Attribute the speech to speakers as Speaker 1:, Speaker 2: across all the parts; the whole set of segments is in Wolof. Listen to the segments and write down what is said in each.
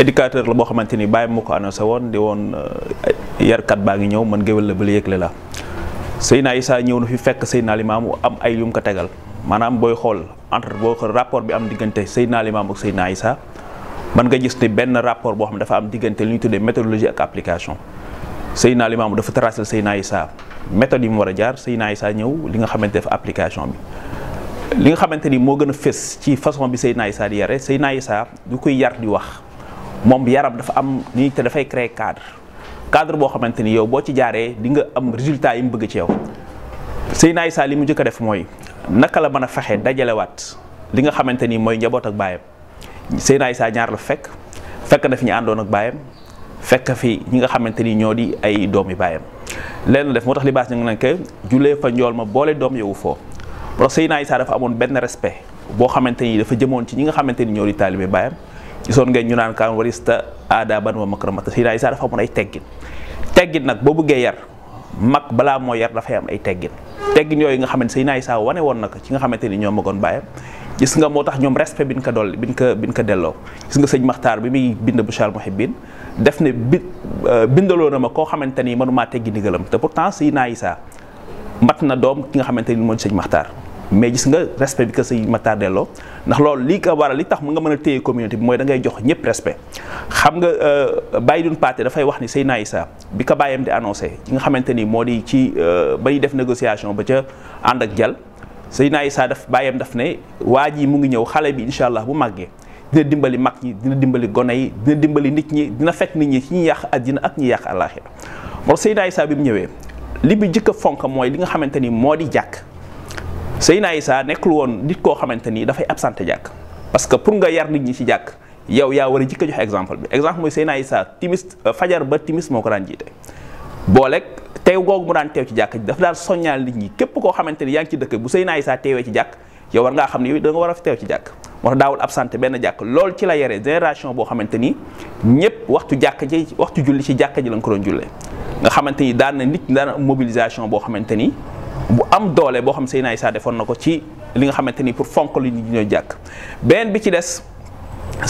Speaker 1: éducateur la bo xamanteni ni bàyyi ko annoncé won di won euh, yarkat kat baangi ñew man géwél la ba la yëgle la Seydina Issa ñëw na fi fekk limam am ay yum ko tegal manam boy xol entre bo xool rapport bi am digënté Seydina limam ak Seydina Issa man nga gis ni ben rapport bo xam dafa am digënté li ñu tuddé méthodologie ak application Seydina limam dafa tracer Seydina Issa méthode yi mu wara jaar Seydina Issa ñew li nga xamante dafa application bi li nga xamanteni mo gëna fess ci façon bi Seydina Issa di yaré Issa du koy yar di wax moom yaram dafa am ni te dafay créer cadre cadre boo xamante ni yow boo ci jaaree di nga am résultat yi mu bëgg ci yow Seydina Issa li mu njëkk a def mooy naka la mën a fexe dajalewaat li nga xamante ni mooy njaboot ak baayam Seydina Issa ñaar la fekk fekk na fi ñu àndoon ak baayam fekk fi ñi nga xamante ni ñoo di ay doom doomi baayam leen def moo tax li baas ñu ngi naan julee fa njool ma boole doom yowu foo moo tax Seydina Issa dafa amoon benn boo xamante ni dafa jëmoon ci ñi nga ni ñoo di taalibe baayam gisoon ngeen ñu naan kaan warista aadaban wa makramata Sayyidina Isa dafa amoon ay teggin teggin nag boo bëggee yar mag balaa moo yar dafay am ay teggin teggin yooyu nga xamante Sayyidina Isa wane woon na ko nga xamante ni ñoo magoon bàyyam gis nga moo tax ñoom respect bi ñu ko dolli bi ko bi ko delloo gis nga sëñ Maxtaar bi muy bind bu Bushra al-Muhibbin def ne bi euh, bindaloo na ma koo xamante ni mënumaa teggi ndigalam te pourtant Sayyidina Isa mat na doom ki nga xamante ni mooy sëñ Maxtaar mais gis nga respect bi que say Matar delloo ndax loolu lii ko waral li tax mu nga mën a téye communauté bi mooy da ngay jox ñëpp respect xam nga euh, bàyyi dun paate dafay wax ni Seydina Issa bi ko bàyyam di annoncé ci nga xamante ni moo di ci euh, ba ñuy def négociation ba ca ànd ak jal Seydina Issa daf bàyyam daf ne waa ji mu ngi ñëw xale bi incha allah bu màggee dina dimbali mag ñi dina dimbali gone yi dina dimbali nit ñi dina fekk nit ñi ci ñi yàq àddina ak ñi yàq àllaaxira moom Seydina Issa bi mu ñëwee li bi jëkk a fonk mooy li nga xamante ni moo di jàkk Seydina Isa nekkul woon nit koo xamante ni dafay absenté jàkk parce que pour nga yar nit ñi ci jàkk yow yaa war a jikk jikko joxe exemple bi exemple mooy Seydina Isa timis euh, fajar ba timis moo ko daan jiite booleeg teew googu mu daan teew ci jàkk ji dafa daan soññaal nit ñi képp koo xamante ni yaa ngi ci dëkk bu naa Isa teewee ci jàkk yow war ngaa xam ne yow da nga war a teew ci jàkk moo tax daawul absenté benn jàkk lool ci la yare génération boo xamante ni ñëpp waxtu jàkk ji waxtu julli ci jàkk ji la nga ko doon jullee nga xamante ni daan na nit daan mobilisation boo xamante ni bu am doole bo xam seyna isa defon nako ci li nga xamanteni pour fonkol ni ñu jàkk ben bi ci dess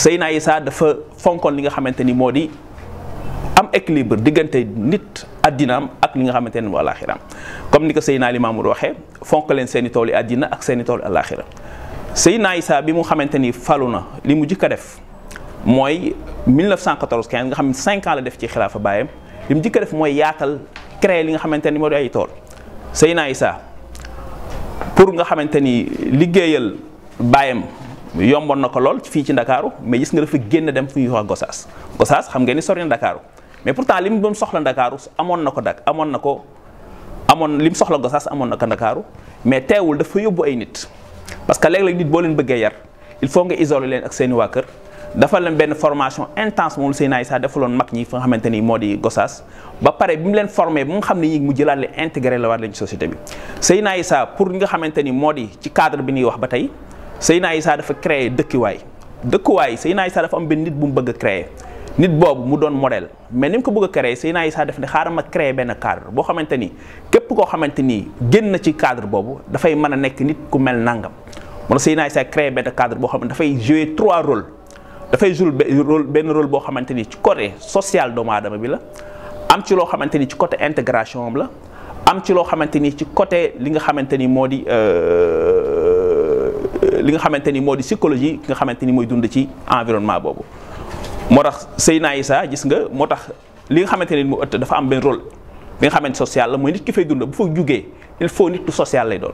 Speaker 1: seyna isa dafa fonkol li nga xamanteni modi am équilibre diggante nit adina am ak li nga xamanteni ni moo comme ni ko Seydina Limaamu waxee fonk leen seen i tool yi ak seen i tool alaxira Seydina Issa bi mu xamanteni faluna li mu jikka def moy 1914 15 nga xam 5 ans la def ci khilafa baye li mu jëkk def moy yaatal créer li nga xamanteni ni moo ay tool Seydina Isa pour nga xamante ni liggéeyal baayam yomboon na ko lool fii ci ndakaaru mais gis nga dafa génn dem fu ñuy wax Gosaas xam ngeen ni sori ndakaaru mais pour pourtant li mu doon soxla ndakaaru amoon na ko dak amoon na ko amoon li mu soxla Gosaas amoon na ko ndakaaru mais teewul dafa yóbbu ay nit parce que léeg-léeg nit boo leen bëggee yar il faut nga isoler leen ak seeni waa kër dafa leen benn formation intense moom Seydina Issa defaloon mag ñi fi nga xamante ni moo di Gossas ba pare bi mu leen formé ba nga xam ne ñi mu jëlaat intégré la waat leen ci société bi Seydina Issa pour ñi nga xamante ni moo di ci cadre bi ñuy wax ba tey Seydina Issa dafa créé dëkkiwaay dëkkuwaay Seydina Issa dafa am benn nit bu mu bëgg a nit boobu mu doon modèle mel ni mu ko bëgg a créé Seydina saa def ne xaaral ma créé benn cadre boo xamante ni képp koo xamante ni génn na ci cadre boobu dafay mën a nekk nit ku mel nangam moom Seydina Issa créé benn cadre boo xam ne dafay jouer trois rôles dafay jour rôle benn rôle boo xamante ni ci côté social doomu aadama bi la am ci loo xamante ni ci côté intégration la am ci loo xamante ni ci côté li nga xamante ni moo di euh, euh, li nga xamante ni moo di psychologie ki nga xamante ni mooy dund ci environnement boobu. moo tax sëy Seyna Issa gis nga moo tax li nga xamante ni mu ëtt dafa am benn rôle bi nga xamante social la mooy nit ki fay dund bu fa jugee il faut nit ku social lay doon.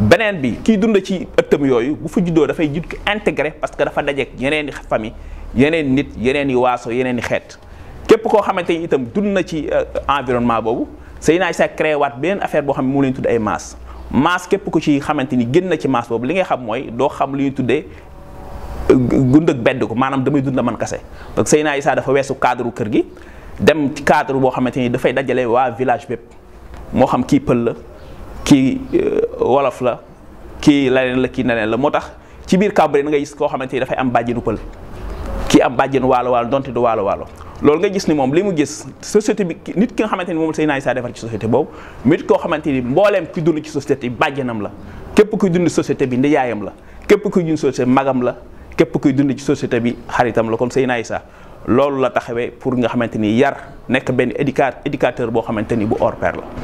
Speaker 1: beneen bi kiy dund ci ëttam yooyu bu fa juddoo dafay judd ko intégré parce que dafa dajeek yeneen i famille yeneen nit yeneen i waaso yeneen i xeet képp koo xamante ni itam dund na ci euh, environnement boobu Seydina Isa créé waat beneen affaire boo xam ne mu leen tudd ay maas maas képp ku ci xamante ni génn na ci maas boobu li ngay xam mooy doo xam li ñuy tuddee euh, gund ak bedd ko maanaam damay dund la man kase donc Seydina Isa dafa weesu cadre kër gi dem ci cadre boo xamante ni dafay dajale waa village bépp moo xam kii pël la kii euh, wolof la kii leneen la kii neneen la moo tax ci biir Cambérène nga gis koo xamante ni dafay am bàjjenu pël ki am bàjjenu waalo waalo donte du waalo waalo loolu nga gis ni moom li mu gis société bi nit ki nga xamante ni moom say naay saa defar ci société boobu nit koo xamante ni mbooleem ki dund ci société bi bàjjenam la képp kuy dund société bi yaayam la képp kuy dund société magam la képp kuy dund ci société bi xaritam la kon say naay sa loolu la taxawee pour nga xamante ni yar nekk benn éducateur éducateur boo xamante ni bu hors la